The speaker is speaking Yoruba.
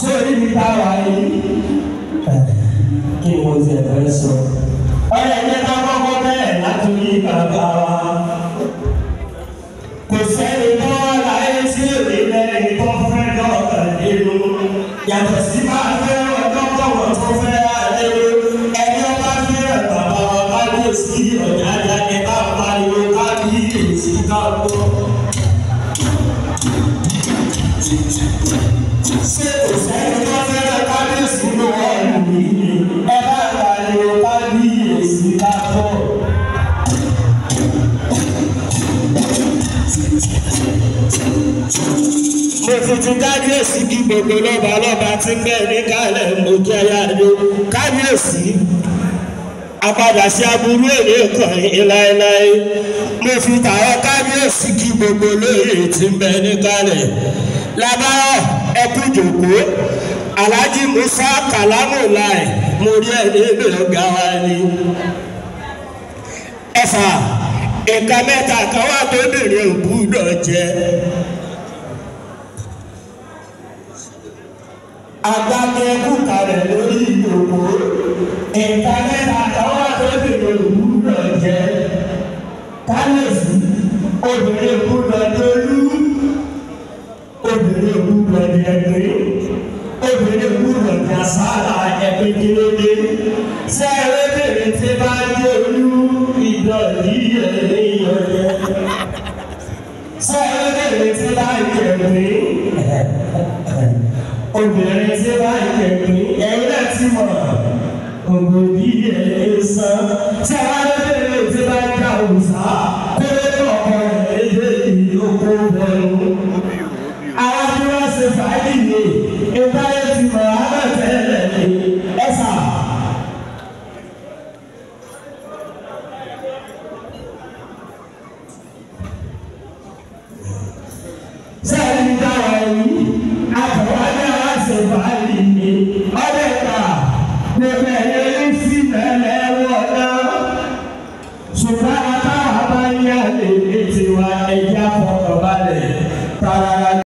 ṣé níbi tá a wà yìí kí mo ti ẹ̀fẹ́ sọ. ọ̀rẹ́ ẹ̀jẹ̀ ká kọ́kọ́ bẹ́ẹ̀ látòrí bàbá wa. kò sẹ́ni tó wà láyé sí òní lẹ́yìn tó fẹ́ dọ̀ọ̀kan nínú yàtọ̀ sí bàbá. ṣé kò sẹ́ni tó fẹ́ jẹ kábíyèsí ló gbogbo lọ́ba lọ́ba ti ń bẹ̀ kálẹ̀ mo jẹ́ yáyó kábíyèsí apadà sí aburú èrè kan láéláé mo fi tààrà kábíyèsí kí gbogbo lóye ti ń bẹ níkàlẹ̀ lábára ẹkú jòkó alhaji musa kalamu lai mo rí ẹni èlò ọgá wa ni ẹfà nǹkan mẹ́ta kan wà tó bèrè òbúdọ̀ jẹ agbájẹ kúkà lórí ìjòkó nǹkan mẹ́ta. kábíyèsí obìnrin ìbúdọ̀ ní olú obìnrin ìbúdọ̀ ní ẹgbẹ́ obìnrin ìbúdọ̀ ní asáàlà ẹgbẹ́ déédé sẹ́ẹ̀rẹ́ bèrè tí bá dé olú ìdọ̀lì ẹ̀rẹ́ ìyọ̀lẹ́ sẹ́ẹ̀rẹ́ bèrè tí bá jẹ̀wé obìnrin tí bá yẹ. তারা